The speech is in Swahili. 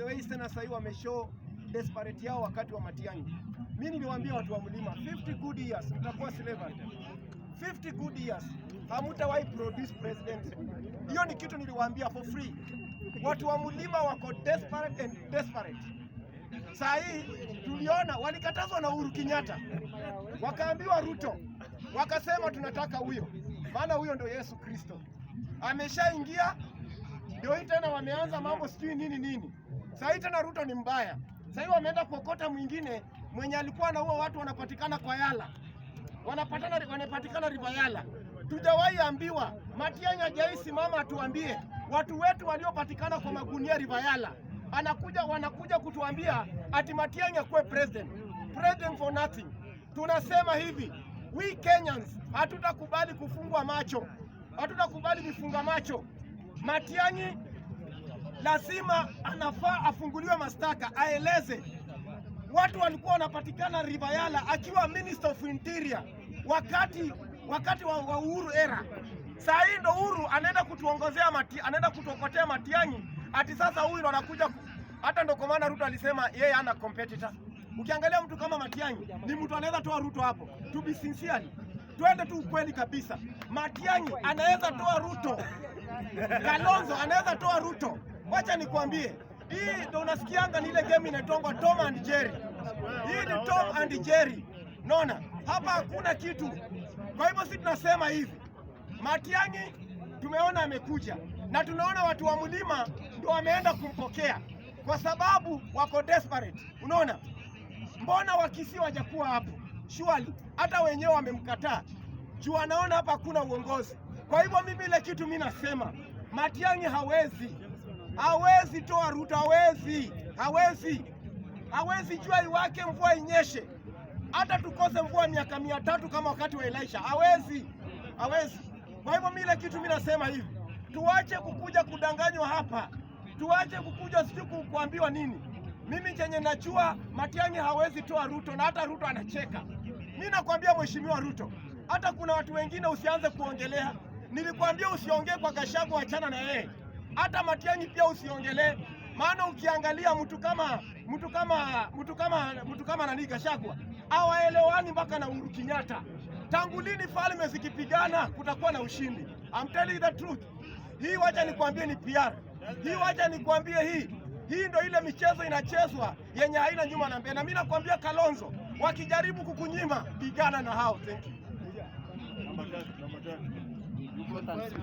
the way Easterners sahii wameshow desperate yao wakati wa Matiang'i. Mimi niliwaambia watu wa mlima 50 good years mtakuwa silver. 50 good years hamutawahi produce president. Hiyo ni kitu niliwaambia for free. Watu wa mlima wako desperate and desperate. Saa hii tuliona walikatazwa na Uhuru Kenyatta, wakaambiwa Ruto, wakasema tunataka huyo, maana huyo ndio Yesu Kristo ameshaingia ndio hii tena wameanza mambo sijui nini nini. Sasa hii tena Ruto ni mbaya. Sasa hii wameenda kuokota mwingine mwenye alikuwa na huo watu wanapatikana kwa Yala, wanapatana wanapatikana riba Yala. Tujawahi ambiwa Matiang'i hajawahi simama atuambie watu wetu waliopatikana kwa magunia riba Yala, anakuja wanakuja kutuambia ati Matiang'i akuwe president. President for nothing. Tunasema hivi, we Kenyans hatutakubali kufungwa macho, hatutakubali kufunga macho. Matiang'i lazima anafaa afunguliwe mashtaka, aeleze watu walikuwa wanapatikana Rivayala akiwa Minister of Interior wakati wakati wa, wa Uhuru era. Saa hii ndo Uhuru anaenda kutuongozea mati, anaenda kutuokotea Matiang'i ati sasa huyu ndo anakuja hata ndo komanda Ruto alisema yeye ana competitor. Ukiangalia mtu kama Matiang'i ni mtu anaweza toa Ruto hapo, to be sincere tuende tu ukweli kabisa. Matiang'i anaweza toa Ruto, Kalonzo anaweza toa Ruto. Wacha nikwambie, hii ndio unasikianga ni ile game inatongwa Tom and Jerry. Hii ni Tom and Jerry, naona hapa hakuna kitu. Kwa hivyo sisi tunasema hivi, Matiang'i tumeona amekuja na tunaona watu wa mlima ndio wameenda kumpokea kwa sababu wako desperate. Unaona, mbona wakisi wajakuwa hapo? shwali, hata wenyewe wamemkataa juu anaona hapa hakuna uongozi. Kwa hivyo mimi ile kitu mimi nasema Matiang'i hawezi hawezi toa Ruto, hawezi hawezi hawezi jua iwake mvua inyeshe, hata tukose mvua miaka mia tatu kama wakati wa Elisha, hawezi hawezi. Kwa hivyo mimi ile kitu mimi nasema hivi, tuache kukuja kudanganywa hapa, tuache kukuja siku kuambiwa nini. Mimi chenye najua Matiang'i hawezi toa Ruto, na hata Ruto anacheka. Mi nakwambia Mheshimiwa Ruto, hata kuna watu wengine usianze kuongelea. Nilikwambia usiongee kwa Gachagua, achana na yeye. Hata Matiang'i pia usiongelee, maana ukiangalia mtu kama mtu kama mtu kama mtu kama nani Gachagua hawaelewani mpaka na Uhuru Kenyatta. Tangu lini falme zikipigana kutakuwa na ushindi? I'm telling the truth. Hii wacha nikwambie ni PR. Hii wacha nikwambie hii. Hii ndio ile michezo inachezwa yenye haina nyuma na mbele. Na mimi nakwambia Kalonzo wakijaribu kukunyima, pigana na hao. Thank you.